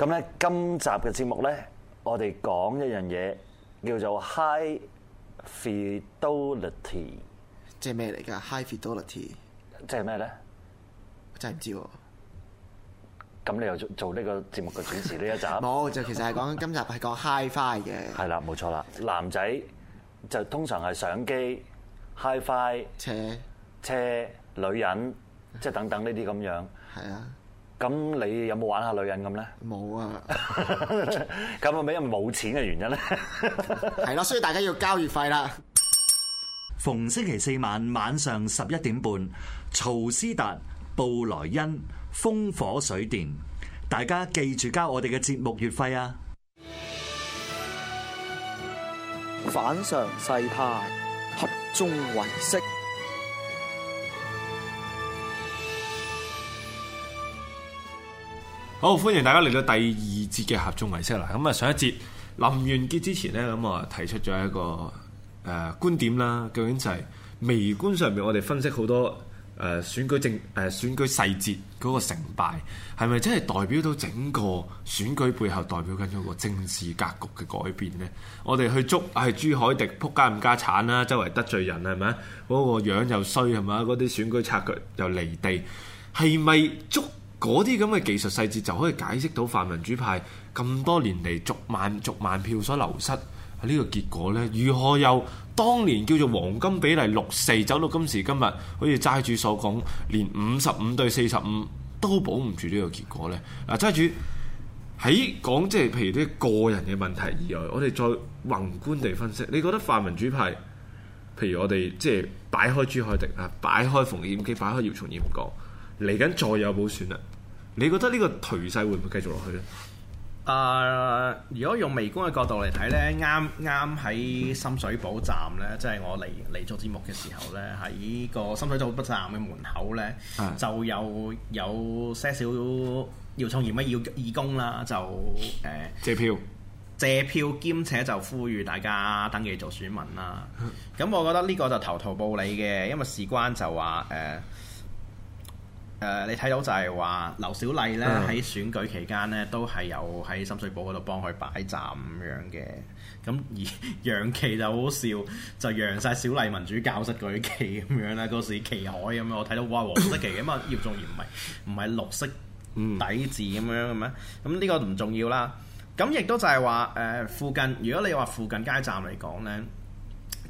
咁咧，今集嘅節目咧，我哋講一樣嘢叫做 high fidelity，即係咩嚟噶？high fidelity 即係咩咧？我真係唔知喎。咁你又做做呢個節目嘅主持呢一集？冇就 其實係講今集係講 hi-fi 嘅。係啦，冇 錯啦。男仔就通常係相機、hi-fi、車 Fi, 斜、車、女人，即係等等呢啲咁樣。係啊。咁你有冇玩下女人咁咧？冇啊！咁啊，咩啊？冇錢嘅原因咧？係咯，所以大家要交月費啦。逢星期四晚晚上十一點半，曹斯達、布萊恩、風火水電，大家記住交我哋嘅節目月費啊！反常世態，合眾唯識。好、哦，歡迎大家嚟到第二節嘅合眾唯識啦。咁啊，上一節臨完結之前呢，咁啊提出咗一個誒、呃、觀點啦。究竟就係微觀上面，我哋分析好多誒、呃、選舉政誒、呃、選舉細節嗰個成敗，係咪真係代表到整個選舉背後代表緊一個政治格局嘅改變呢？我哋去捉係朱凱迪撲街唔家產啦，周圍得罪人係咪？嗰、那個樣又衰係咪？嗰啲選舉策略又離地，係咪捉？嗰啲咁嘅技術細節，就可以解釋到泛民主派咁多年嚟逐萬逐萬票所流失係呢、呢個結果呢，如何由當年叫做黃金比例六四，走到今時今日，好似齋主所講，連五十五對四十五都保唔住呢個結果呢？啊，齋主喺講，即係譬如啲個人嘅問題以外，我哋再宏觀地分析，你覺得泛民主派，譬如我哋即係擺開朱凱廸啊，擺開馮檢基，擺開姚松炎唔講。嚟緊再有補選啦！你覺得呢個頹勢會唔會繼續落去呢？誒、呃，如果用微觀嘅角度嚟睇呢，啱啱喺深水埗站呢，即、就、係、是、我嚟嚟做節目嘅時候呢，喺個深水埗站嘅門口呢，就有有些少要充錢乜要義工啦，就誒、呃、借票，借票兼且就呼籲大家登記做選民啦。咁 我覺得呢個就投桃報李嘅，因為事關就話誒。呃誒、呃，你睇到就係話劉小麗咧喺 選舉期間咧，都係有喺深水埗嗰度幫佢擺站咁樣嘅。咁而楊琪就好笑，就揚晒小麗民主教室嗰啲旗咁樣啦。嗰時旗海咁樣，我睇到，哇黃色旗嘅嘛，葉仲賢唔係唔係綠色底字咁樣嘅咩？咁呢個唔重要啦。咁亦都就係話誒附近，如果你話附近街站嚟講咧。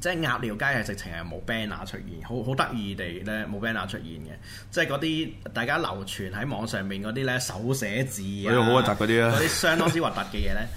即係鴨寮街係直情係冇 banner 出現，好好得意地咧冇 banner 出現嘅。即係嗰啲大家流傳喺網上面嗰啲咧手寫字嘅，嗰好核突嗰啲啊，嗰啲、嗯啊、相當之核突嘅嘢咧。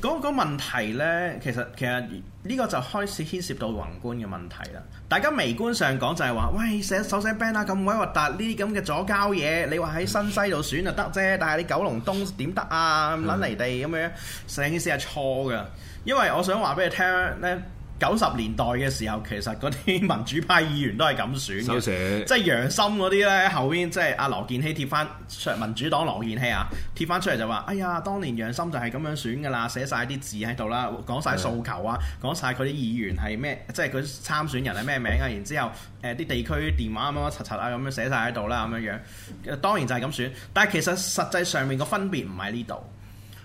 嗰、那、嗰、個、問題咧，其實其實呢個就開始牽涉到宏觀嘅問題啦。大家微觀上講就係話，喂，寫手寫 banner 咁鬼核突，呢啲咁嘅左膠嘢，你話喺新西度選就得啫，但係你九龍東點得啊？撚離地咁樣，成件事係錯㗎。因為我想話俾你聽咧。九十年代嘅時候，其實嗰啲民主派議員都係咁選嘅，即係楊森嗰啲呢，後邊即係阿羅健熙貼翻民主黨羅健熙啊，貼翻出嚟就話：哎呀，當年楊森就係咁樣選噶啦，寫晒啲字喺度啦，講晒訴求啊，講晒佢啲議員係咩，即係佢參選人係咩名啊，然後之後誒啲、呃、地區電話乜乜柒柒啊，咁樣寫晒喺度啦，咁樣樣。當然就係咁選，但係其實實際上面分、個分別唔喺呢度，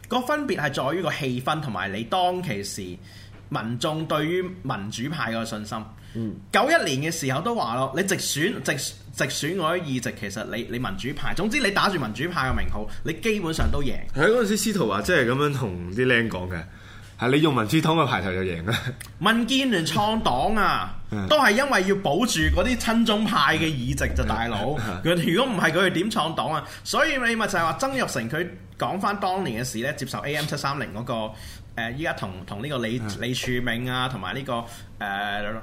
個分別係在於個氣氛同埋你當其時。民眾對於民主派嘅信心，嗯、九一年嘅時候都話咯，你直選直直選嗰啲議席，其實你你民主派總之你打住民主派嘅名號，你基本上都贏。喺嗰陣時，司徒華即係咁樣同啲僆講嘅，係你用民主黨嘅牌頭就贏啦。民建聯創黨啊，都係因為要保住嗰啲親中派嘅議席就、啊、大佬。佢如果唔係佢哋點創黨啊？所以你咪就係話曾鈺成佢講返當年嘅事呢，接受 A M 七三零嗰個。誒依家同同呢個李李柱銘啊，同埋呢個誒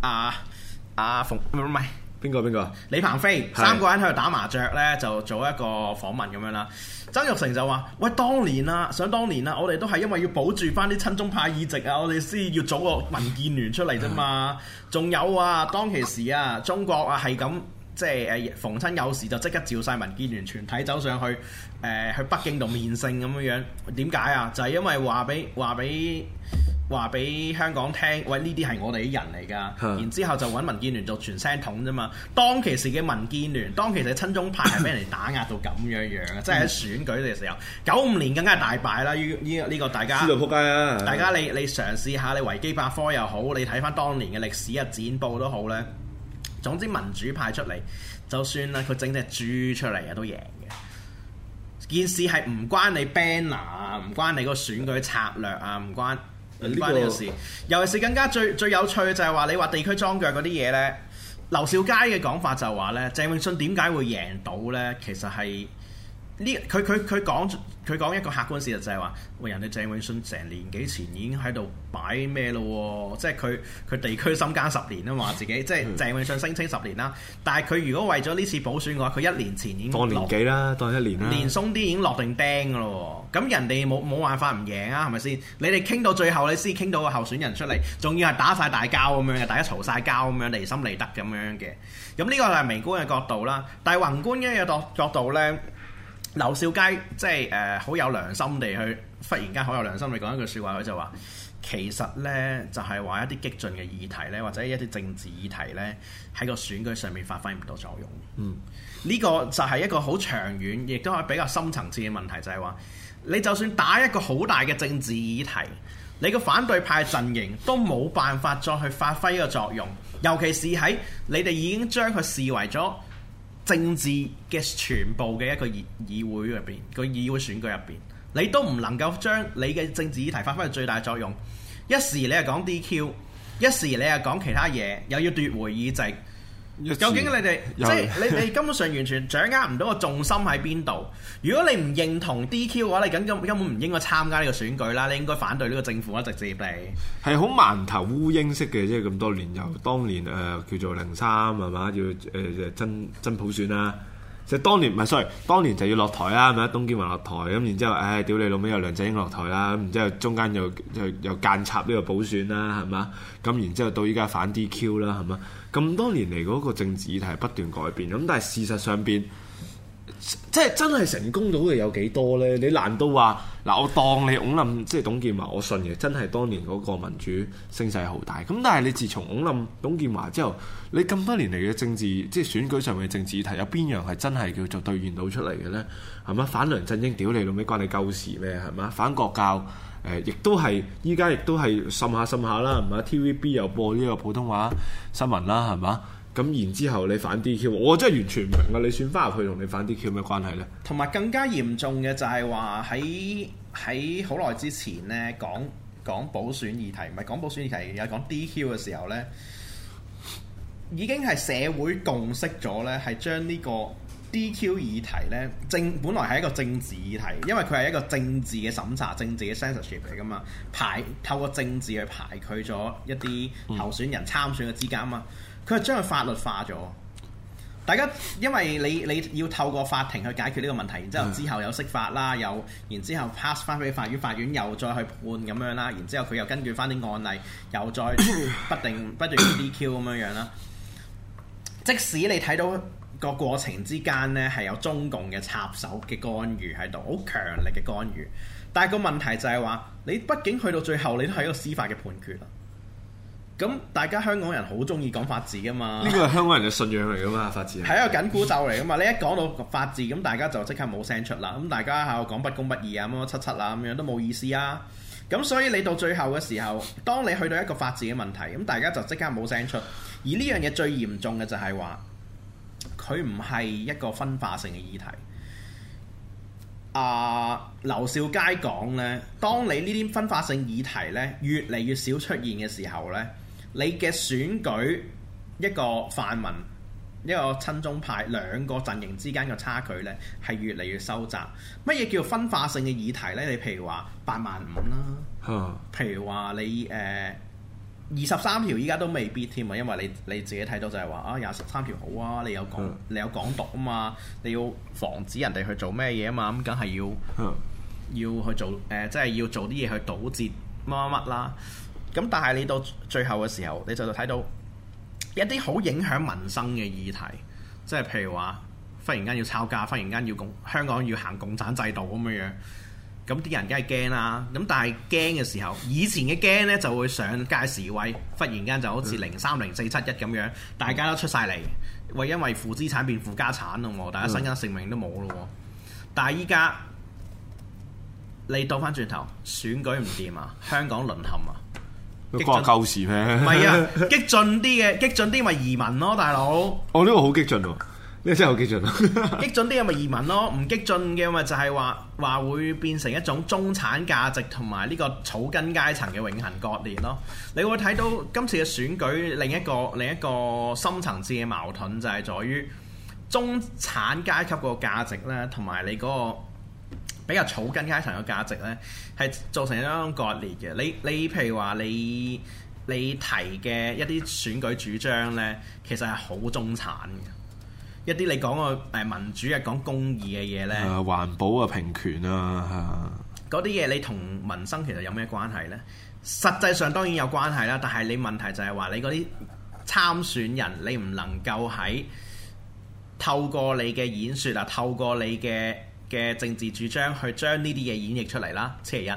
阿阿馮唔係邊個邊個？呃啊啊啊啊、李鵬飛是三個人喺度打麻雀咧，就做一個訪問咁樣啦。曾鈺成就話：喂，當年啊，想當年啊，我哋都係因為要保住翻啲親中派議席啊，我哋先要組個民建聯出嚟啫嘛。仲 有啊，當其時啊，中國啊係咁。即係誒逢親有事就即刻召晒民建聯全體走上去誒、呃、去北京度面聖咁樣樣，點解啊？就係、是、因為話俾話俾話俾香港聽，喂呢啲係我哋啲人嚟㗎。的然後之後就揾民建聯做傳聲筒啫嘛。當其時嘅民建聯，當其時嘅親中派係俾人哋打壓到咁樣樣啊！ 即係喺選舉嘅時候，九五年更加大敗啦。依、這、呢個大家 大家你 你嘗試下，你維基百科又好，你睇翻當年嘅歷史嘅展報都好呢。總之民主派出嚟，就算啦，佢整隻豬出嚟啊，都贏嘅。件事係唔關你 banner 啊，唔關你個選舉策略啊，唔關唔關你個事。這個尤其是更加最最有趣嘅就係話，你話地區樁腳嗰啲嘢呢。劉兆佳嘅講法就話呢：「鄭泳舜點解會贏到呢？其實係。呢佢佢佢講佢講一個客觀事實就係話，喂，人哋鄭永信成年幾前已經喺度擺咩咯，即係佢佢地區深耕十年啊，嘛，自己即係鄭永信聲稱十年啦。但係佢如果為咗呢次補選嘅話，佢一年前已經當年幾啦，當一年啦，年鬆啲已經落定釘㗎咯。咁人哋冇冇辦法唔贏啊？係咪先？你哋傾到最後，你先傾到個候選人出嚟，仲要係打晒大交咁樣，大家嘈晒交咁樣，離心離德咁樣嘅。咁呢個係微觀嘅角度啦，但係宏觀嘅角角度咧。劉少佳即係誒好有良心地去，忽然間好有良心地講一句説話，佢就話：其實呢，就係話一啲激進嘅議題呢，或者一啲政治議題呢，喺個選舉上面發揮唔到作用。嗯，呢個就係一個好長遠，亦都係比較深層次嘅問題，就係話你就算打一個好大嘅政治議題，你個反對派陣營都冇辦法再去發揮個作用，尤其是喺你哋已經將佢視為咗。政治嘅全部嘅一個議議會入邊個議會選舉入邊，你都唔能夠將你嘅政治議題發揮到最大作用。一時你又講 DQ，一時你又講其他嘢，又要奪回議席。究竟你哋有即係你你根本上完全掌握唔到個重心喺邊度？如果你唔認同 DQ 嘅話，你梗梗根本唔應該參加呢個選舉啦！你應該反對呢個政府一直接地係好饅頭烏蠅式嘅，即係咁多年由當年誒、呃、叫做零三係嘛，要誒、呃、真真普選啦、啊。就當年唔係，sorry，當年就要落台啦，係咪啊？董建華落台咁，然之後，唉、哎，屌你老味，又梁振英落台啦，咁然之後中間，中間又又又間插呢個補選啦，係嘛？咁然之後到依家反 DQ 啦，係嘛？咁多年嚟嗰個政治係不斷改變，咁但係事實上邊？即係真係成功到嘅有幾多呢？你難道話嗱？我當你拱冧，即係董建華，我信嘅真係當年嗰個民主聲勢好大。咁但係你自從拱冧董建華之後，你咁多年嚟嘅政治即係選舉上面嘅政治議題，有邊樣係真係叫做兌現到出嚟嘅呢？係嘛？反梁振英屌你老尾關你鳩事咩？係嘛？反國教誒、呃，亦都係依家亦都係滲下滲下啦。係嘛？TVB 又播呢個普通話新聞啦，係嘛？咁然之後，你反 DQ，我真係完全唔明啊！你選翻入去同你反 DQ 咩關係呢？同埋更加嚴重嘅就係話喺喺好耐之前呢，講講補選議題，唔係講補選議題，有講 DQ 嘅時候呢，已經係社會共識咗呢，係將呢個 DQ 議題呢，政，本來係一個政治議題，因為佢係一個政治嘅審查、政治嘅 censorship 嚟噶嘛，排透過政治去排佢咗一啲候選人參選嘅資格嘛。嗯佢係將佢法律化咗，大家因為你你要透過法庭去解決呢個問題，然之後之後有釋法啦，又然之後 pass 翻俾法院，法院又再去判咁樣啦，然之後佢又根據翻啲案例，又再不定 不斷 DQ 咁樣樣啦。即使你睇到個過程之間呢係有中共嘅插手嘅干預喺度，好強力嘅干預，但係個問題就係話，你畢竟去到最後，你都係一個司法嘅判決啦。咁大家香港人好中意講法治噶嘛？呢個係香港人嘅信仰嚟噶嘛？法治係一個緊箍咒嚟噶嘛？ 你一講到法治，咁大家就即刻冇聲出啦。咁大家喺度講不公不義啊，乜乜七七啊，咁樣都冇意思啊。咁所以你到最後嘅時候，當你去到一個法治嘅問題，咁大家就即刻冇聲出。而呢樣嘢最嚴重嘅就係話，佢唔係一個分化性嘅議題。阿、呃、劉少佳講呢，當你呢啲分化性議題呢，越嚟越少出現嘅時候呢。你嘅選舉，一個泛民，一個親中派，兩個陣營之間嘅差距呢，係越嚟越收窄。乜嘢叫分化性嘅議題呢？你譬如話八萬五啦，譬如話你誒二十三條依家都未必添啊，因為你你自己睇到就係話啊，廿十三條好啊，你有講、啊、你有港獨啊嘛，你要防止人哋去做咩嘢啊嘛，咁梗係要、啊、要去做誒，即、呃、係、就係、要做啲嘢去堵截乜乜乜啦。咁但係你到最後嘅時候，你就睇到一啲好影響民生嘅議題，即係譬如話忽然間要抄家，忽然間要共香港要行共產制度咁樣樣，咁啲人梗係驚啦。咁但係驚嘅時候，以前嘅驚呢就會上街示威，忽然間就好似零三零四七一咁樣，嗯、大家都出晒嚟，為因為負資產變負家產啦，我大家身家性命都冇啦喎。但係依家你倒翻轉頭，選舉唔掂啊，香港淪陷啊！唔係啊！激進啲嘅，激進啲咪移民咯，大佬。哦，呢個好激進喎，呢個真係好激進 激進啲咪移民咯，唔激進嘅咪就係話話會變成一種中產價值同埋呢個草根階層嘅永恆割裂咯。你會睇到今次嘅選舉，另一個另一個深層次嘅矛盾就係在於中產階級個價值咧，同埋你嗰個。比較草根階層嘅價值呢，係造成一種割裂嘅。你你譬如話你你提嘅一啲選舉主張呢，其實係好中產嘅。一啲你講個誒民主啊、講公義嘅嘢呢，誒環保啊、平權啊，嗰啲嘢你同民生其實有咩關係呢？實際上當然有關係啦，但係你問題就係話你嗰啲參選人你唔能夠喺透過你嘅演說啊，透過你嘅。嘅政治主張去將呢啲嘢演繹出嚟啦。其一，第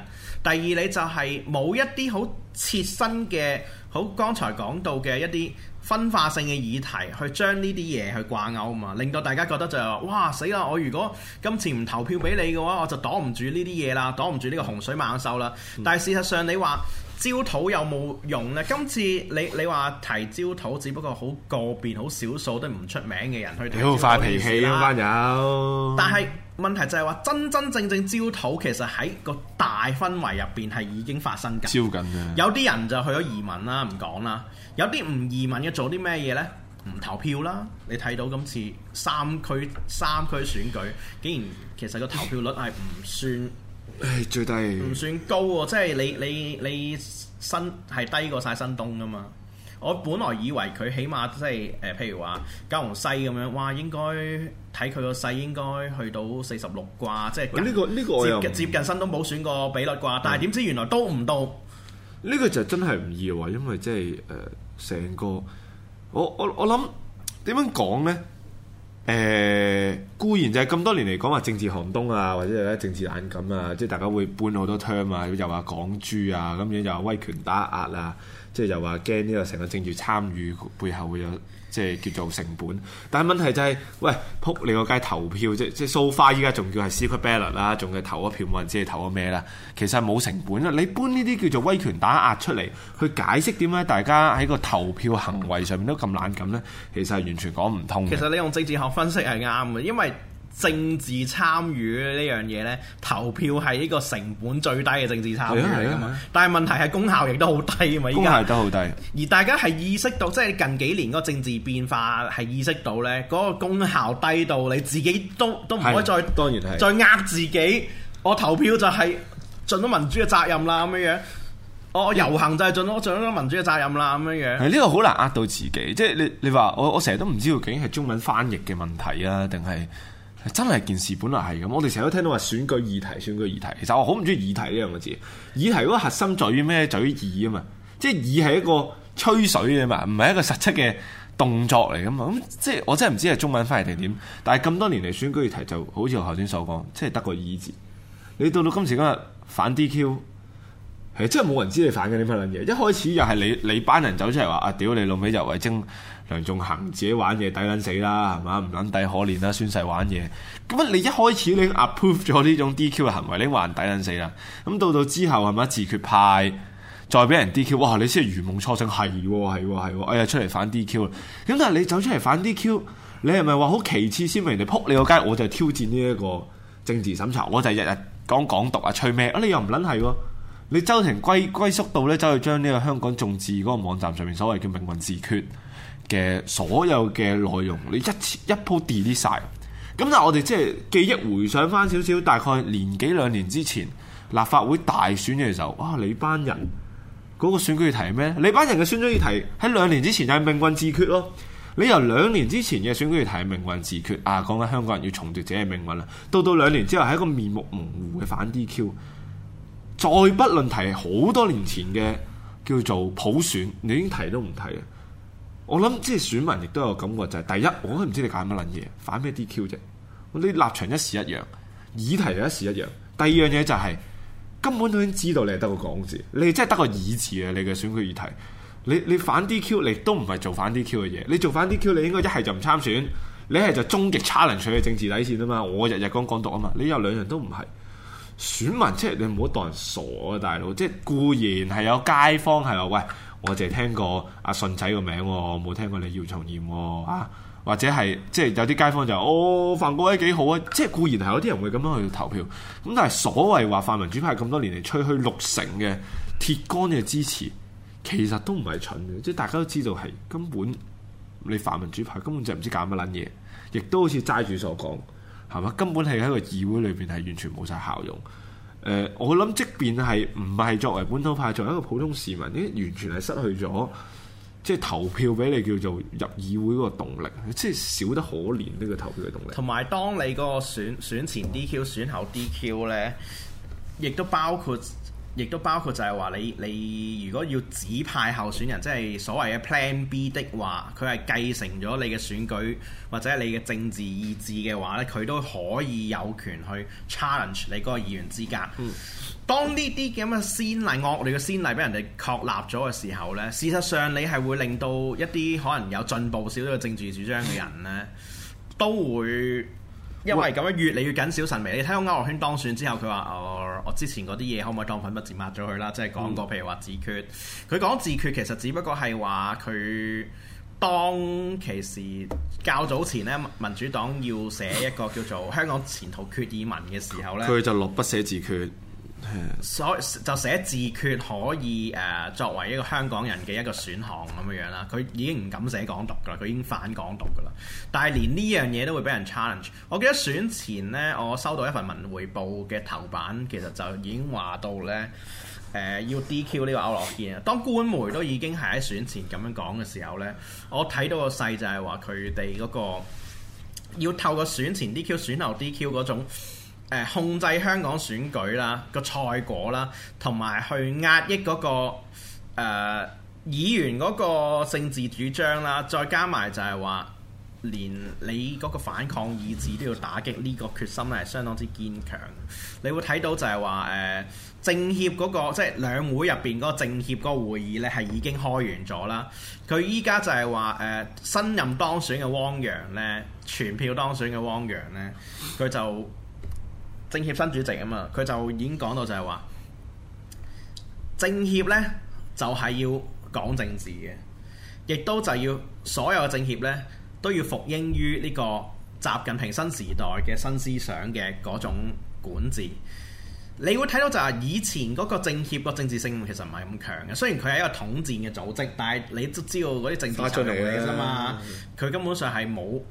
二你就係、是、冇一啲好切身嘅，好剛才講到嘅一啲分化性嘅議題去將呢啲嘢去掛鈎啊嘛，令到大家覺得就話、是：哇死啦！我如果今次唔投票俾你嘅話，我就擋唔住呢啲嘢啦，擋唔住呢個洪水猛獸啦。但係事實上你話焦土有冇用咧？今次你你話提焦土，只不過好個別、好少數都唔出名嘅人去提。你好發脾氣啊，班友。但係。問題就係話真真正正焦土，其實喺個大氛圍入邊係已經發生緊。招緊有啲人就去咗移民啦，唔講啦。有啲唔移民嘅做啲咩嘢呢？唔投票啦。你睇到今次三區三區選舉，竟然其實個投票率係唔算最低，唔算高喎。即係你你你新係低過晒新東㗎嘛？我本來以為佢起碼即係誒，譬如話九龍西咁樣，哇！應該睇佢個勢應該去到四十六掛，即係咁呢個呢、這個接，接近新東補選個比率掛，嗯、但係點知原來都唔到。呢個就真係唔易喎，因為即係誒成個我我我諗點樣講咧？誒、呃、固然就係咁多年嚟講話政治寒冬啊，或者係政治冷感啊，即係大家會搬好多 term 啊，又話港豬啊，咁樣又話威權打壓啊。即係又話驚呢個成個政治參與背後會有即係叫做成本，但係問題就係、是，喂，仆你個街投票啫，即係 so far 依家仲叫係 secret ballot 啦，仲係投咗票冇人知你投咗咩啦，其實係冇成本啦。你搬呢啲叫做威權打壓出嚟，去解釋點解大家喺個投票行為上面都咁懶咧，其實係完全講唔通。其實你用政治學分析係啱嘅，因為。政治參與呢樣嘢呢，投票係呢個成本最低嘅政治參與。但係問題係功效亦都好低啊嘛。依家都好低，而大家係意識到，即係近幾年個政治變化係意識到呢，嗰、那個功效低到你自己都都唔可以再當然係再呃自己。我投票就係盡到民主嘅責任啦，咁樣樣。我、哦、遊行就係盡咗盡咗民主嘅責任啦，咁樣樣。係呢、這個好難呃到自己，即係你你話我我成日都唔知道，究竟係中文翻譯嘅問題啊，定係？真係件事本來係咁，我哋成日都聽到話選舉議題，選舉議題。其實我好唔中意議題呢兩個字。議題嗰個核心在於咩？在於議啊嘛。即係議係一個吹水啫嘛，唔係一個實質嘅動作嚟噶嘛。咁即係我真係唔知係中文翻嚟定點。但係咁多年嚟選舉議題就好似我頭先所講，即係得個議字。你到到今時今日反 DQ，其實真係冇人知你反緊呢份撚嘢。一開始又係你你班人走出嚟話啊，屌你老味入圍精。梁頌恆自己玩嘢抵捻死啦，係嘛唔捻抵可憐啦，宣誓玩嘢，咁啊你一開始你 approve 咗呢種 DQ 嘅行為，你話人抵捻死啦，咁到到之後係咪？自決派再俾人 DQ，哇你先係如夢初醒，係喎係喎係喎，哎呀出嚟反 DQ 啦，咁但係你走出嚟反 DQ，你係咪話好其次先？俾人哋撲你個街，我就係挑戰呢一個政治審查，我就係日日講港獨啊，吹咩啊？你又唔撚係喎，你周庭歸歸縮到咧走去將呢個香港眾志嗰個網站上面所謂叫命運自決。嘅所有嘅內容，你一一鋪 delete 晒，咁但我哋即係記憶回想翻少少，大概年幾兩年之前立法會大選嘅時候，哇、啊、你班人嗰個選舉題係咩？你班人嘅選舉題喺兩年之前就係命運自決咯，你由兩年之前嘅選舉題係命運自決啊，講緊香港人要重奪者嘅命運啊，到到兩年之後係一個面目模糊嘅反 DQ，再不論提好多年前嘅叫做普選，你已經提都唔提啊！我諗即係選民亦都有感覺就係、是，第一，我都唔知你搞乜撚嘢，反咩 DQ 啫？你啲立場一時一樣，議題就一時一樣。第二樣嘢就係、是、根本都已經知道你係得個講字，你係真係得個以字啊！你嘅選舉議題，你你反 DQ，你都唔係做反 DQ 嘅嘢，你做反 DQ，你應該一係就唔參選，你係就終極 challenge 嘅政治底線啊嘛！我日日講港獨啊嘛，你有兩樣都唔係，選民即係你唔好當人傻啊，大佬！即係固然係有街坊係話喂。我淨係聽過阿順仔個名，我冇聽過你姚松炎喎，啊或者係即係有啲街坊就話哦，范國威幾好啊，即係固然係有啲人會咁樣去投票，咁但係所謂話泛民主派咁多年嚟吹噓六成嘅鐵杆嘅支持，其實都唔係蠢嘅，即係大家都知道係根本你泛民主派根本就唔知搞乜撚嘢，亦都好似齋主所講係嘛，根本係喺個議會裏邊係完全冇晒效用。誒，我諗即便係唔係作為本土派，作為一個普通市民，呢完全係失去咗，即係投票俾你叫做入議會嗰個動力，即係少得可憐呢個投票嘅動力。同埋，當你嗰個選選前 DQ、選後 DQ 呢，亦都包括。亦都包括就係話你你如果要指派候選人，即係所謂嘅 Plan B 的話，佢係繼承咗你嘅選舉或者你嘅政治意志嘅話呢，佢都可以有權去 challenge 你嗰個議員資格。嗯、當呢啲咁嘅先例惡劣嘅先例俾人哋確立咗嘅時候呢，事實上你係會令到一啲可能有進步少少嘅政治主張嘅人呢都會。因為咁樣越嚟越緊小神微。你睇到歐樂圈當選之後，佢話：我、呃、我之前嗰啲嘢可唔可以當粉筆字抹咗佢啦？即係講過，譬如話自決，佢講自決其實只不過係話佢當其時較早前咧，民主黨要寫一個叫做《香港前途決議文》嘅時候咧。佢就落筆寫自決。嗯、 所就寫自決可以誒、呃、作為一個香港人嘅一個選項咁樣樣啦，佢已經唔敢寫港獨噶啦，佢已經反港獨噶啦。但係連呢樣嘢都會俾人 challenge。我記得選前呢，我收到一份文匯報嘅頭版，其實就已經話到呢，誒、呃、要 DQ 呢個區諾軒啊。當官媒都已經係喺選前咁樣講嘅時候呢，我睇到個勢就係話佢哋嗰個要透過選前 DQ 選後 DQ 嗰種。控制香港選舉啦，個賽果啦，同埋去壓抑嗰、那個誒、呃、議員嗰個政治主張啦，再加埋就係話，連你嗰個反抗意志都要打擊，呢個決心咧係相當之堅強。你會睇到就係話誒政協嗰、那個即係、就是、兩會入邊嗰個政協嗰個會議咧係已經開完咗啦。佢依家就係話誒新任當選嘅汪洋呢，全票當選嘅汪洋呢，佢就。政協新主席啊嘛，佢就已經講到就係話，政協呢，就係、是、要講政治嘅，亦都就係要所有嘅政協呢，都要服膺於呢個習近平新時代嘅新思想嘅嗰種管治。你會睇到就係以前嗰個政協個政治性其實唔係咁強嘅，雖然佢係一個統戰嘅組織，但係你都知道嗰啲政黨嚟嘅嘛，佢、嗯、根本上係冇。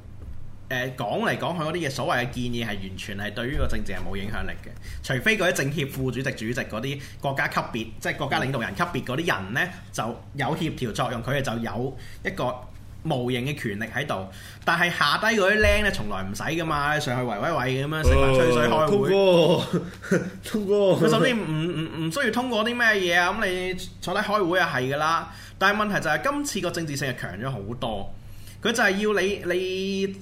誒，講嚟講去嗰啲嘢，所謂嘅建議係完全係對於個政治係冇影響力嘅，除非嗰啲政協副主席、主席嗰啲國家級別，即係國家領導人級別嗰啲人呢，就有協調作用，佢哋就有一個無形嘅權力喺度。但係下低嗰啲靚呢，從來唔使噶嘛，上去圍圍圍咁樣食飯吹水、開會，通過通過佢，甚至唔唔唔需要通過啲咩嘢啊！咁你坐低開會啊，係噶啦。但係問題就係、是、今次個政治性係強咗好多，佢就係要你你。你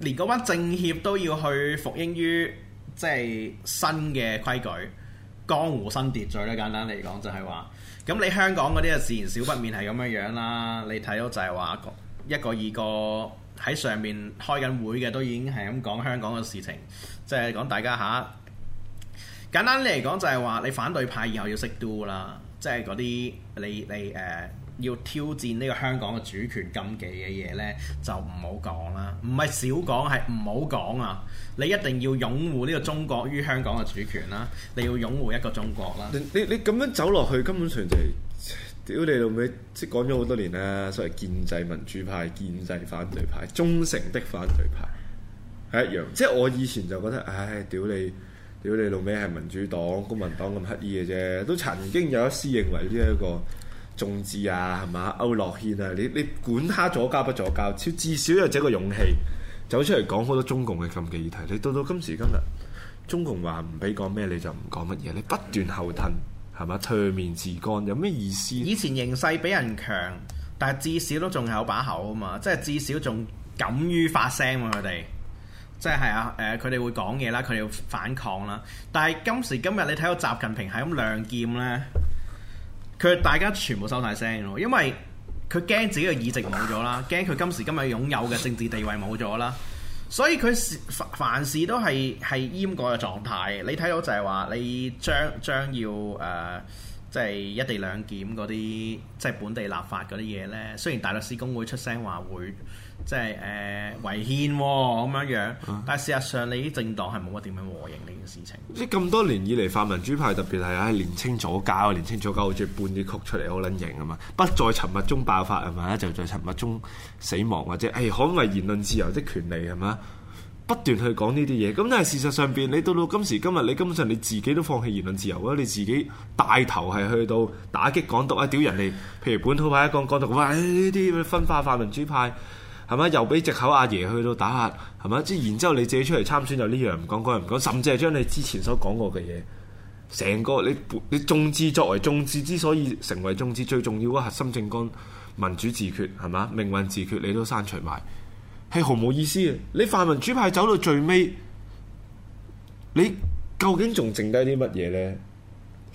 連嗰班政協都要去服膺於即係、就是、新嘅規矩，江湖新秩序咧。簡單嚟講就係話，咁你香港嗰啲啊自然少不免係咁樣樣啦。你睇到就係話一個二個喺上面開緊會嘅，都已經係咁講香港嘅事情，即係講大家嚇。簡單嚟講就係話，你反對派以後要識 do 啦，即係嗰啲你你誒。呃要挑戰呢個香港嘅主權禁忌嘅嘢呢，就唔好講啦，唔係少講，係唔好講啊！你一定要擁護呢個中國於香港嘅主權啦，你要擁護一個中國啦。你你你咁樣走落去，根本上就係、是、屌你老味。即係講咗好多年啦，所謂建制民主派、建制反對派、忠誠的反對派，係一樣。即係我以前就覺得，唉，屌你，屌你老味係民主黨、公民黨咁乞衣嘅啫，都曾經有一絲認為呢、這、一個。眾志啊，係嘛？歐樂軒啊，你你管他左交不左交，至少有這個勇氣走出嚟講好多中共嘅禁忌議題。你到到今時今日，中共話唔俾講咩，你就唔講乜嘢，你不斷後退，係嘛？唾面自乾有咩意思？以前形勢比人強，但係至少都仲係有把口啊嘛，即係至少仲敢於發聲喎佢哋。即係係啊，誒佢哋會講嘢啦，佢哋反抗啦。但係今時今日你睇到習近平係咁亮劍呢。佢大家全部收晒聲咯，因為佢驚自己嘅議席冇咗啦，驚佢今時今日擁有嘅政治地位冇咗啦，所以佢事凡事都係係閹割嘅狀態。你睇到就係話，你將將要誒。呃即係一地兩檢嗰啲，即係本地立法嗰啲嘢咧。雖然大律師公會出聲話會，即係誒違憲咁樣樣，但係事實上你啲政黨係冇乜點樣和應呢件事情。即係咁多年以嚟，泛民主派特別係係年青左教，年青左教好似半啲曲出嚟好撚型啊嘛！不在沉默中爆發係咪啊？就在沉默中死亡或者誒，捍衛言論自由的權利係嘛？不斷去講呢啲嘢，咁但係事實上邊，你到到今時今日，你根本上你自己都放棄言論自由啊！你自己帶頭係去到打擊港獨啊，屌人哋，譬如本土派一講港，港獨，話呢啲分化泛民主派，係咪？又俾借口阿爺去到打壓，係咪？即然之後你自己出嚟參選就呢樣唔講，嗰樣唔講，甚至係將你之前所講過嘅嘢，成個你你眾志作為眾志之所以成為眾志最重要核心政綱民主自決，係咪？命運自決，你都刪除埋。係毫無意思嘅。你泛民主派走到最尾，你究竟仲剩低啲乜嘢咧？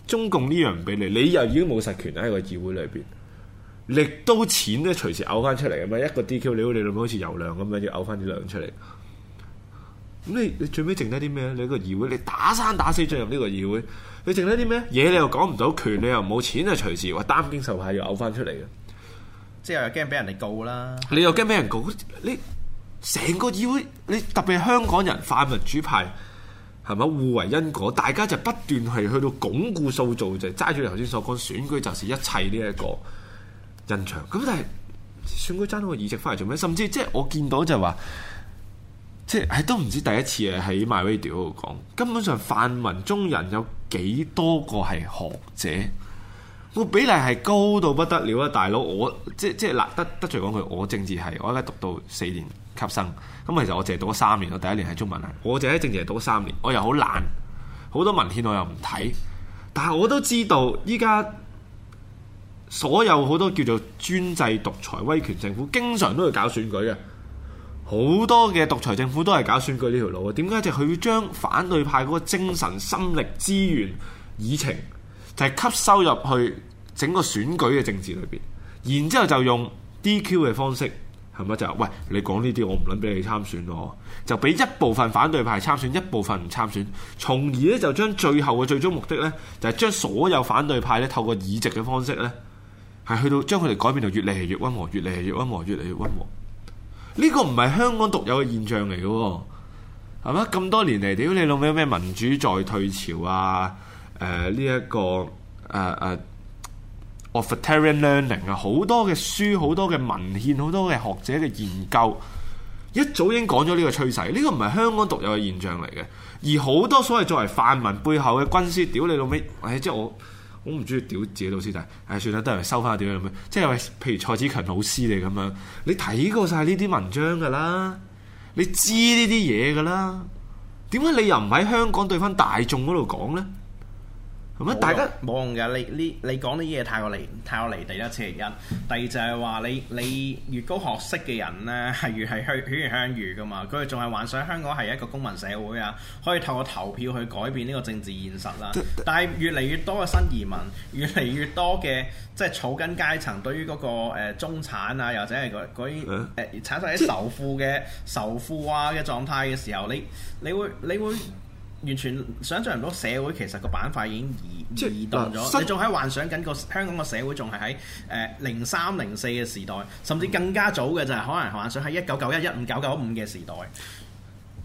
中共呢樣唔俾你，你又已經冇實權喺個,個議會裏邊，力都淺咧隨時嘔翻出嚟咁樣，一個 DQ 你你兩好似有糧咁樣要嘔翻啲糧出嚟。咁你你最尾剩低啲咩你個議會你打生打死進入呢個議會，你剩低啲咩？嘢你又講唔到權，又你又冇錢，係隨時話擔驚受怕要嘔翻出嚟嘅。即係又驚俾人哋告啦。你又驚俾人告？的你？成個議會，你特別係香港人，泛民主派，係咪互為因果？大家就不斷係去到鞏固、塑造，就係揸住頭先所講，選舉就是一切呢一個印象。咁但係選舉爭到個議席翻嚟做咩？甚至即係我見到就話、係，即係都唔知第一次係喺 MyRadio 嗰度講。根本上泛民中人有幾多個係學者？個比例係高到不得了啊！大佬，我即即係嗱，得得罪講句，我政治係我而家讀到四年。吸生咁，其實我淨係讀咗三年。我第一年係中文系，我淨係喺政治系讀咗三年。我又好懶，好多文獻我又唔睇。但係我都知道，依家所有好多叫做專制、獨裁、威權政府，經常都要搞選舉嘅。好多嘅獨裁政府都係搞選舉呢條路啊。點解就佢會將反對派嗰個精神、心力資源、議程，就係、是、吸收入去整個選舉嘅政治裏邊，然之後就用 DQ 嘅方式。係咪就係、喂你講呢啲我唔捻俾你參選咯、哦，就俾一部分反對派參選，一部分唔參選，從而咧就將最後嘅最終目的咧，就係、係、將所有反對派咧透過議席嘅方式咧，係去到將佢哋改變到越嚟越溫和，越嚟越溫和，越嚟越溫和。呢、呢個唔係香港獨有嘅現象嚟嘅喎，係咪咁多年嚟屌你老味咩民主在退潮啊？呢、呃、一個誒誒。呃呃我 Authoritarian Learning 啊，好多嘅書，好多嘅文獻，好多嘅學者嘅研究，一早已經講咗呢個趨勢，呢、這個唔係香港獨有嘅現象嚟嘅，而好多所謂作為泛民背後嘅軍師，屌你老味，唉，即係我好唔中意屌自己老師仔，唉，算啦，都係收翻下屌你老味，即係話，譬如蔡子強老師你咁樣，你睇過晒呢啲文章噶啦，你知呢啲嘢噶啦，點解你又唔喺香港對翻大眾嗰度講呢？大家冇用嘅。你呢？你講呢啲嘢太過離，太過離地啦。第因第二就，就係話你，你越高學識嘅人咧，係越係去遠香遠嘅嘛。佢哋仲係幻想香港係一個公民社會啊，可以透過投票去改變呢個政治現實啦、啊。但係越嚟越多嘅新移民，越嚟越多嘅即係草根階層，對於嗰、嗰個、呃、中產啊，又或者係嗰啲誒產生喺仇富嘅仇富啊嘅狀態嘅時候，你你會你會。你會你會完全想像唔到社會其實個板塊已經移即移動咗，新你仲喺幻想緊個香港個社會仲係喺誒零三零四嘅時代，甚至更加早嘅就係可能幻想喺一九九一一五九九五嘅時代，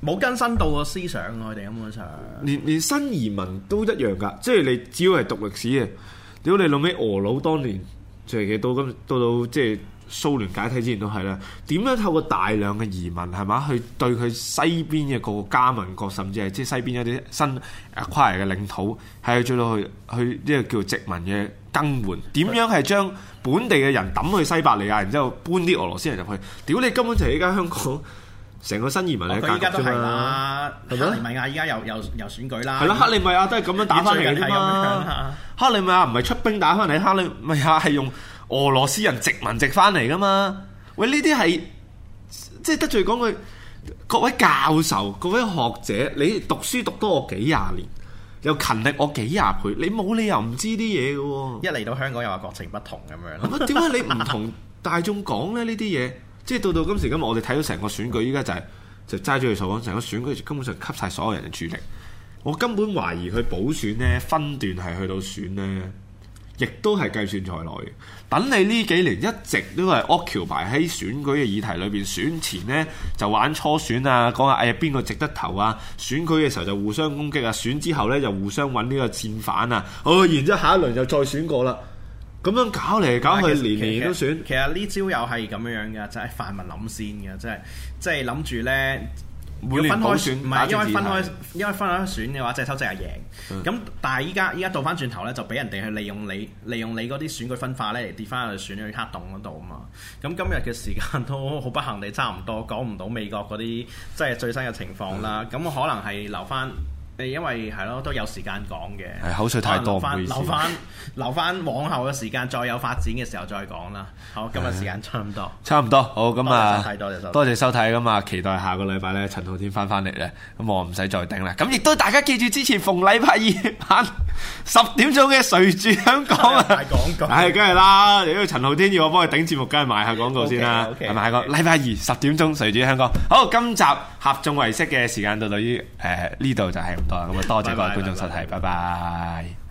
冇更新到個思想啊，我哋根本上，連連新移民都一樣噶，即係你只要係讀歷史嘅，如果你起老尾俄佬當年，其實到今到到即係。蘇聯解體之前都係啦，點樣透過大量嘅移民係嘛，去對佢西邊嘅個加盟國，甚至係即係西邊一啲新跨嘅領土，係去做到去去呢個叫殖民嘅更換？點樣係將本地嘅人抌去西伯利亞，然之後搬啲俄羅斯人入去？屌你根本就係而家香港成個新移民嘅格局而都啦！克里米亞依家又又又選舉啦，係咯、啊？克里米亞都係咁樣打翻嚟嘅。克里米亞唔係出兵打翻嚟，克里米亞係用。俄羅斯人殖民直翻嚟噶嘛？喂，呢啲係即係得罪講句，各位教授、各位學者，你讀書讀多我幾廿年，又勤力我幾廿倍，你冇理由唔知啲嘢嘅喎。一嚟到香港又話國情不同咁樣，咁點解你唔同大眾講呢？呢啲嘢即係到到今時今日，我哋睇到成個選舉，依家就係、是、就齋住嚟講，成個選舉根本上吸晒所有人嘅注意力。我根本懷疑佢補選呢，分段係去到選呢。亦都係計算在內，等你呢幾年一直都係 occupy 喺選舉嘅議題裏邊，選前呢，就玩初選啊，講下哎呀邊個值得投啊？選舉嘅時候就互相攻擊啊，選之後呢，就互相揾呢個戰犯啊。哦，然之後下一輪就再選過啦。咁樣搞嚟搞去，年年都選。其實呢招又係咁樣嘅，就係、是、泛民諗先嘅，即係即係諗住呢。每要分開選，唔係選是因為分開，因為分開選嘅話，即係收即係贏。咁、嗯、但係依家依家倒翻轉頭咧，就俾人哋去利用你，利用你嗰啲選舉分化咧嚟跌翻去選舉黑洞嗰度啊嘛。咁今日嘅時間都好不幸地差唔多，講唔到美國嗰啲即係最新嘅情況啦。咁、嗯、可能係留翻。誒，因為係咯，都有時間講嘅。口水太多，唔好意思。留翻留翻留翻往後嘅時間，再有發展嘅時候再講啦。好，今日時間差唔多。差唔多，好，咁啊！多謝收睇，多謝收睇咁啊！期待下個禮拜咧，陳浩天翻翻嚟咧，咁我唔使再頂啦。咁亦都大家記住，之前逢禮拜二晚十點鐘嘅隨住香港啊，廣告。係，梗係啦。如果陳浩天要我幫佢頂節目，梗係賣下廣告先啦。賣個禮拜二十點鐘隨住香港。好，今集合眾唯識嘅時間就到於誒呢度就係。多謝各位觀眾收睇，拜拜。拜拜拜拜。